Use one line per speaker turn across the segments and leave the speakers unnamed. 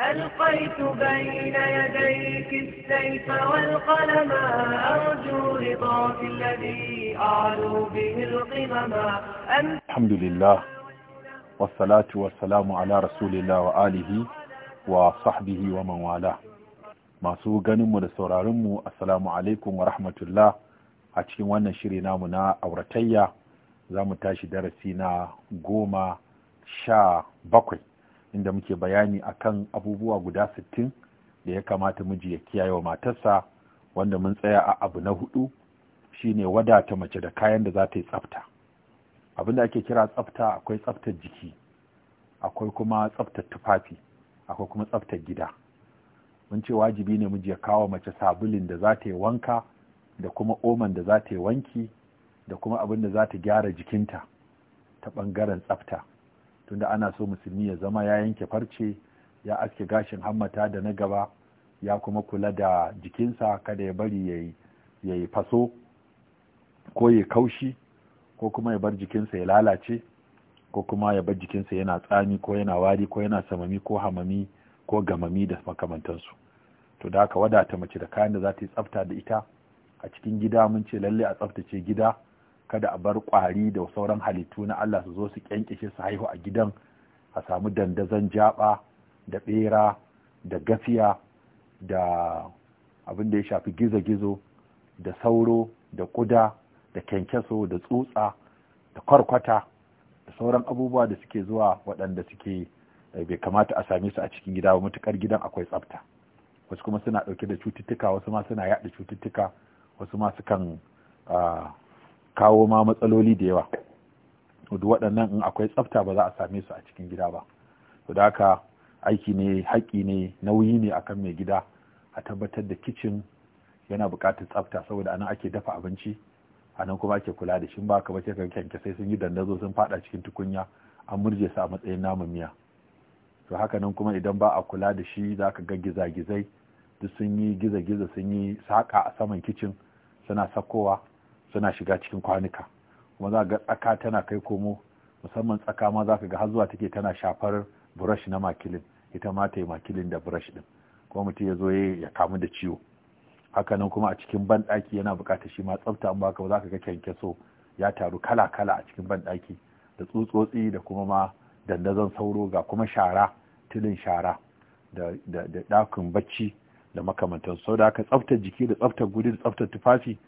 ألقيت بين يديك السيف والقلم أرجو رضاك الذي أعلو به القمم الحمد لله والصلاة والسلام على رسول الله وآله وصحبه ومن والاه masu ganinmu da sauraronmu assalamu alaikum wa rahmatullah a cikin wannan shiri namu na auratayya za mu tashi darasi na goma sha bakwai inda muke bayani akan abubuwa guda sittin da ya kamata miji ya kiyaye wa matarsa wanda mun tsaya a abu na hudu shine wadata mace da kayan da za ta yi tsafta abin da ake kira tsafta akwai tsaftar jiki akwai kuma tsaftar tufafi akwai kuma tsaftar gida mun ce wajibi ne miji ya kawo mace sabulin da za ta yi wanka da kuma oman da za ta yi wanki da kuma abin da za ta gyara jikinta ta ɓangaren tsafta tunda ana so musulmi ya zama ya yanke farce ya aske gashin hammata da na gaba ya kuma kula da jikinsa kada ya bari ya yi faso ko ya kaushi ko kuma ya bar jikinsa ya lalace ko kuma ya bar jikinsa yana tsami ko yana wari ko yana samami ko hamami ko gamami da makamantansu to da haka wadata mace da kayan da za ta yi tsafta da ita a cikin gida mun ce lalle a tsaftace gida kada a bar ƙwari da sauran halittu na Allah su zo su kyankishe su haihu a gidan a samu dandazon jaba da bera da gafiya da abin da ya shafi gizo-gizo da sauro da kuda da kyankyaso da tsutsa da kwarkwata da sauran abubuwa da suke zuwa waɗanda suke eh, bai kamata a same su a cikin gida ba matukar gidan akwai tsafta wasu kuma suna ɗauke da cututtuka wasu ma suna yaɗa cututtuka wasu ma sukan ah, kawo ma matsaloli da yawa duk waɗannan in akwai tsafta ba za a same su a cikin gida ba to da haka aiki ne haƙƙi ne nauyi ne akan mai gida a tabbatar da kicin yana buƙatar tsafta saboda anan ake dafa abinci anan kuma ake kula da shi ba ka bace kan kyanke sai sun yi dandazo sun faɗa cikin tukunya an murje su a matsayin naman miya to haka nan kuma idan ba a kula da shi za ka ga gizagizai duk sun yi gizagiza sun yi saƙa a saman kicin suna sakowa suna shiga cikin kwanuka kuma za ga tsaka tana kai komo musamman tsaka ma za ka ga har zuwa take tana shafar burush na makilin ita ma ta yi makilin da brush din kuma mutum ya zo ya kamu da ciwo Haka nan kuma a cikin banɗaki yana buƙatar shi ma tsafta an baka za ka ga kyankyaso ya taru kala kala a cikin banɗaki da tsutsotsi da kuma ma dandazon sauro ga kuma shara tilin shara da ɗakin bacci da makamantansu sau da haka tsaftar jiki da tsaftar gudun da tsaftar tufafi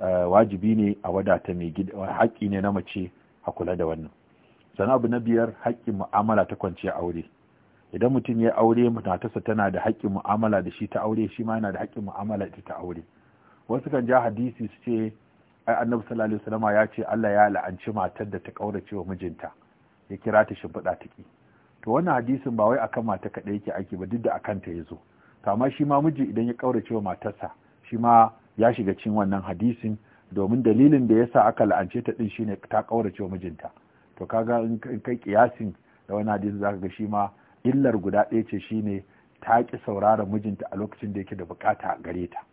Eh, wajibi ne a wadata mai gida haƙƙi ne na mace a kula da wannan sannan abu na biyar haƙƙin mu'amala ta kwanciya aure idan mutum ya aure matarsa tana da haƙƙin mu'amala da shi ta aure shi ma yana da haƙƙin mu'amala ita ta aure wasu kan ja hadisi su ce ai annabi sallallahu alaihi wasallam ya ce Allah ya la'anci matar da ta kaurace wa mijinta ya kira ta shimfiɗa ta to wannan hadisin ba wai akan mata kadai yake aiki ba duk da akan ta yazo to amma shi ma miji idan ya kaurace wa matarsa shi ma ya shiga cikin wannan hadisin domin dalilin da yasa aka la'ance ta din shine ta kaurace mijinta to kaga in kai kiyasin da wani hadisin zaka ga shi ma illar guda ɗaya ce shine ta ki saurara mijinta a lokacin da yake da bukata a gare ta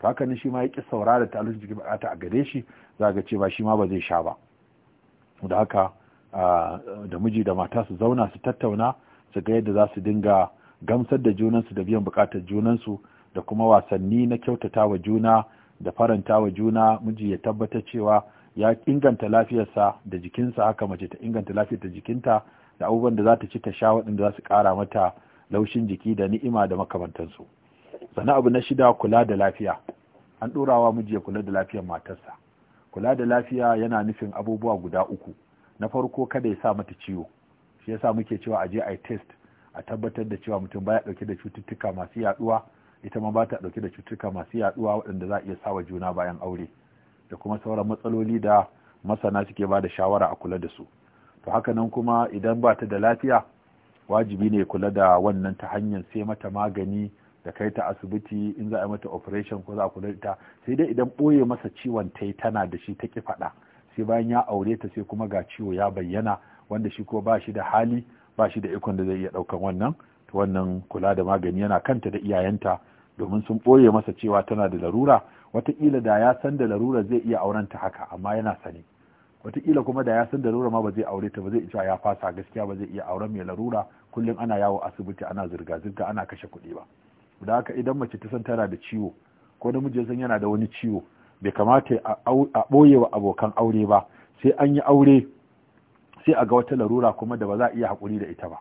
to haka ne shi ma ya ki saurara ta lokacin da yake bukata a gare shi zaka ga cewa shi ma ba zai sha ba da haka da miji da mata su zauna su tattauna su ga yadda za su dinga gamsar da junansu da biyan bukatar junansu da kuma wasanni na kyautata wa juna da faranta wa juna miji ya tabbatar cewa ya inganta lafiyarsa da jikinsa haka mace ta inganta lafiyar ta jikinta da abubuwan da za ta ci ta sha waɗanda za su ƙara mata laushin jiki da ni'ima da makamantansu sannan abu na shida kula da lafiya an ɗorawa miji ya kula da lafiyar matarsa kula da lafiya yana nufin abubuwa guda uku na farko kada ya sa mata ciwo shi yasa muke cewa a je a yi test a tabbatar da cewa mutum baya ɗauke da cututtuka masu yaɗuwa ita ma ba ta ɗauke da cututtuka masu yaɗuwa waɗanda za a iya sawa juna bayan aure da kuma sauran matsaloli da masana suke ba da shawara a kula da su to haka nan kuma idan ba ta da lafiya wajibi ne kula da wannan ta hanyar sai mata magani da kai ta asibiti in za a yi mata operation ko za a kula da ita sai dai idan ɓoye masa ciwon ta yi tana da shi ta ki faɗa sai bayan ya aure ta sai kuma ga ciwo ya bayyana wanda shi ko ba shi da hali ba shi da ikon da zai iya ɗaukan wannan wannan kula da magani yana kanta da iyayenta domin sun ɓoye masa cewa tana da larura wataƙila da ya san da larura zai iya auren ta haka amma yana sani wataƙila kuma da ya san da larura ma ba zai aure ta ba zai cewa ya fasa gaskiya ba zai iya auren mai larura kullum ana yawo asibiti ana zirga-zirga ana kashe kuɗi ba da haka idan mace ta san tana da ciwo ko namiji ya san yana da wani ciwo bai kamata a ɓoye wa abokan aure ba sai an yi aure sai a ga wata larura kuma da ba za a iya haƙuri da ita ba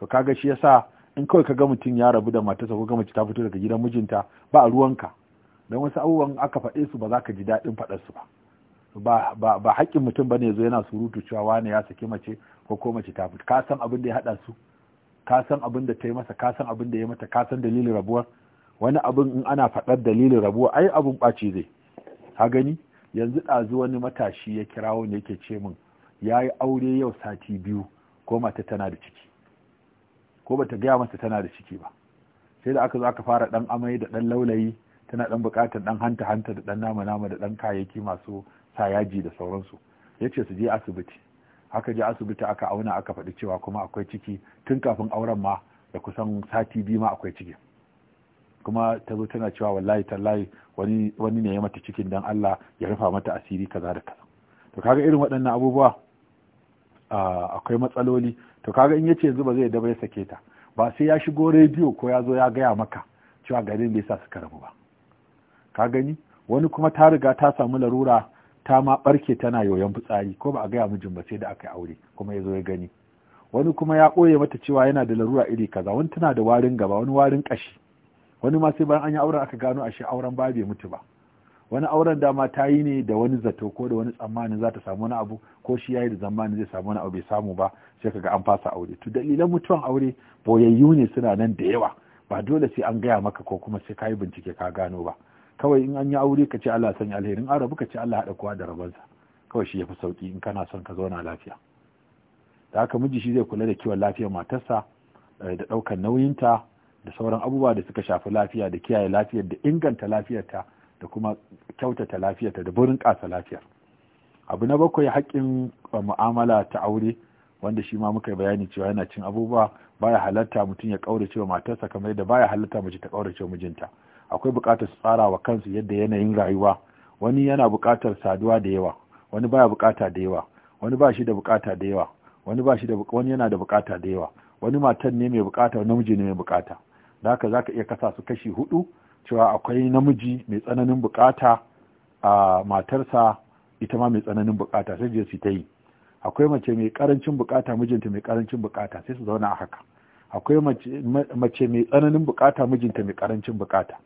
to kaga shi yasa in kawai ka ga mutum ya rabu da matarsa ko mace ta fito daga gidan mijinta ba a ruwanka don wasu abubuwan aka faɗe su ba za ka ji daɗin faɗar su ba ba ba haƙƙin mutum bane yazo yana surutu cewa wani ya saki mace ko ko mace ta fito ka san abin da ya haɗa su ka san abin da ta yi masa ka san abin da ya mata ka san dalilin rabuwar wani abin in ana faɗar dalilin rabuwa ai abin ɓaci zai ka gani yanzu ɗazu wani matashi ya kirawo ne yake ce min ya yi aure yau sati biyu ko mata tana da ciki ko bata gaya masa tana da ciki ba sai da aka zo aka fara dan amai da dan laulayi tana dan bukatar dan hanta hanta da dan nama nama da dan kayayyaki masu sa yaji da sauransu yace su je asibiti Haka je asibiti aka auna aka faɗi cewa kuma akwai ciki tun kafin auren ma da kusan sati biyu ma akwai ciki kuma ta zo tana cewa wallahi tallahi wani wani ne ya mata cikin dan Allah ya rufa mata asiri kaza da kaza to kaga irin waɗannan abubuwa akwai matsaloli to kaga in yace yanzu ba zai dabe sake ta ba sai ya shigo rediyo ko ya zo ya gaya maka cewa garin bai yasa suka rabu ba ka gani wani kuma ta riga ta samu larura ta ma barke tana yoyon fitsari ko ba a gaya mijin ba sai da aka aure kuma ya zo ya gani wani kuma ya ɓoye mata cewa yana da larura iri kaza wani tana da warin gaba wani warin kashi wani ma sai bayan an yi auren aka gano ashe auren ba bai mutu ba wani auren dama ta yi ne da wani zato ko da wani tsammanin za ta samu wani abu ko shi ya yi da tsammanin zai samu wani abu bai samu ba sai kaga an fasa aure to dalilan mutuwan aure boyayyu ne suna nan da yawa ba dole sai an gaya maka ko kuma sai kayi bincike ka gano ba kawai in an yi aure ka ce Allah sanya alherin arabu ka ce Allah haɗa kowa da rabansa kawai shi yafi sauki in kana son ka zauna lafiya da haka miji shi zai kula da kiwon lafiyar matarsa eh, da ɗaukar nauyinta da sauran abubuwa da suka shafi lafiya da kiyaye lafiyar da inganta lafiyarta da kuma kyautata lafiyarta da burin ƙasa lafiyar abu na bakwai haƙƙin eh, mu'amala ta aure wanda shi ma muka bayani cewa yana cin abubuwa baya halatta mutum ya ƙaurace wa matarsa kamar yadda baya halatta mace ta kaurace wa mijinta akwai buƙatar su tsara wa kansu yadda yanayin rayuwa wani yana buƙatar saduwa da yawa wani baya buƙata da yawa wani ba shi da buƙata da yawa wani ba shi da wani yana da buƙata da yawa wani matan ne mai buƙata namiji ne mai buƙata da haka zaka iya kasa su kashi hudu cewa akwai namiji mai tsananin bukata a matarsa ita ma mai tsananin bukata sai je su ta yi akwai mace mai karancin bukata mijinta mai karancin bukata sai su zauna a haka akwai mace mai tsananin bukata mijinta mai karancin bukata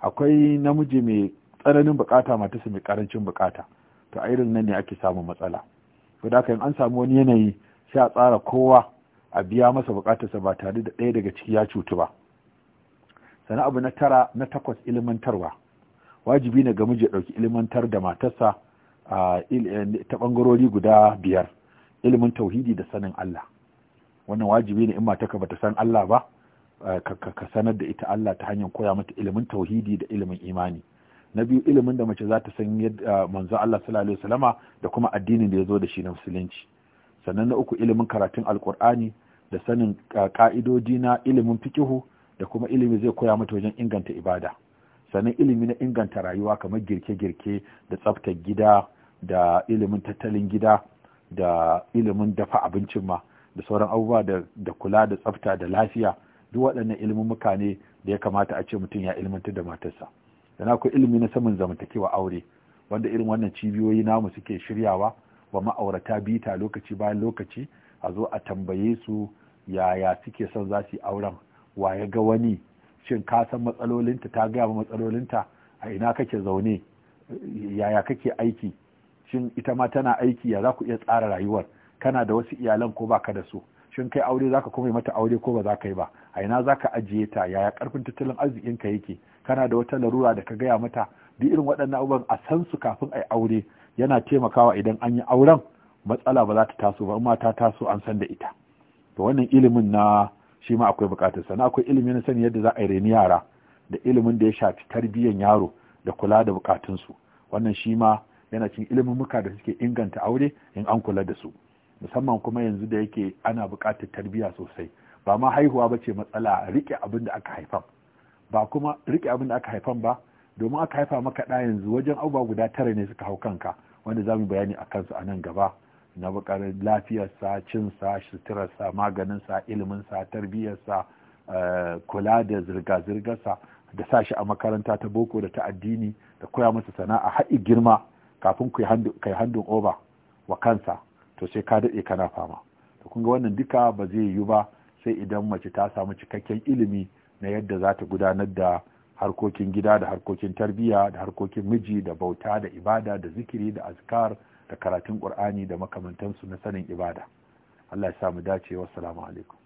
akwai namiji mai tsananin bukata matarsa mai karancin bukata to a irin nan ne ake samun matsala to da haka an samu wani yanayi sai a tsara kowa a biya masa bukatarsa ba tare da ɗaya daga ciki ya cutu ba sannan abu na tara na takwas ilimantarwa wajibi ne ga miji ya ɗauki ilimantar da matarsa eh, ta ɓangarori guda biyar ilimin tauhidi da sanin Allah wannan wajibi ne in matarka bata san Allah ba ka sanar da ita Allah ta hanyar koya mata ilimin tauhidi da ilimin imani na biyu ilimin da mace za ta san yadda manzo Allah sallallahu alaihi wasallama da kuma addinin da ya zo da shi na musulunci sannan na uku ilimin karatun alkur'ani da sanin ka'idoji na ilimin fikihu da kuma ilimi zai koya mata wajen inganta ibada sannan ilimi na inganta rayuwa kamar girke-girke da tsaftar gida da ilimin tattalin gida da ilimin dafa abincin ma da sauran abubuwa da kula da tsafta da lafiya duk waɗannan ilimin mutane da ya kamata a ce mutum ya ilmantar da matarsa Da na akwai ilimi na saman zamantakewa aure wanda irin wannan cibiyoyi namu suke shiryawa wa ma'aurata bita lokaci bayan lokaci a zo a tambaye su yaya suke son za su yi auren wa ya ga wani shin ka san matsalolinta ta gaya ma matsalolinta a ina kake zaune yaya kake aiki shin ita ma tana aiki ya za ku iya tsara rayuwar kana da wasu iyalan ko baka da su shin kai aure zaka kuma mata aure ko ba za ka yi ba a ina za ka ajiye ta yaya karfin tattalin arzikinka yake kana da wata larura da ka gaya mata duk irin waɗannan abubuwan a san su kafin a yi aure yana taimakawa idan an yi auren matsala ba za ta taso ba in ma ta taso an san da ita to wannan ilimin na shi ma akwai bukatar sana akwai ilimi na sani yadda za a reni yara da ilimin da ya shafi tarbiyyar yaro da kula da bukatunsu wannan shi ma yana cin ilimin muka da suke inganta aure in an kula da su musamman kuma yanzu da yake ana bukatar tarbiyya sosai ba ma haihuwa ba ce matsala rike abin da aka haifan ba kuma rike abin da aka haifan ba domin aka haifa maka ɗa yanzu wajen abubuwa guda tara ne suka hau kanka wanda za mu bayani a kansu a nan gaba na bakar lafiyarsa cinsa suturarsa maganinsa iliminsa tarbiyyarsa eh, kula da zirga-zirgarsa da sa shi a makaranta ta boko da ta addini da koya masa sana'a haɗi girma kafin kai handun oba wa kansa to sai ka daɗe kana fama to kun wannan duka ba zai yi ba sai idan mace ta samu cikakken ilimi na yadda za ta gudanar da harkokin gida da harkokin tarbiyya da harkokin miji da bauta da ibada da zikiri da azkar da karatun ƙur'ani da makamantansu na sanin ibada Allah ya samu dace wasu alaikum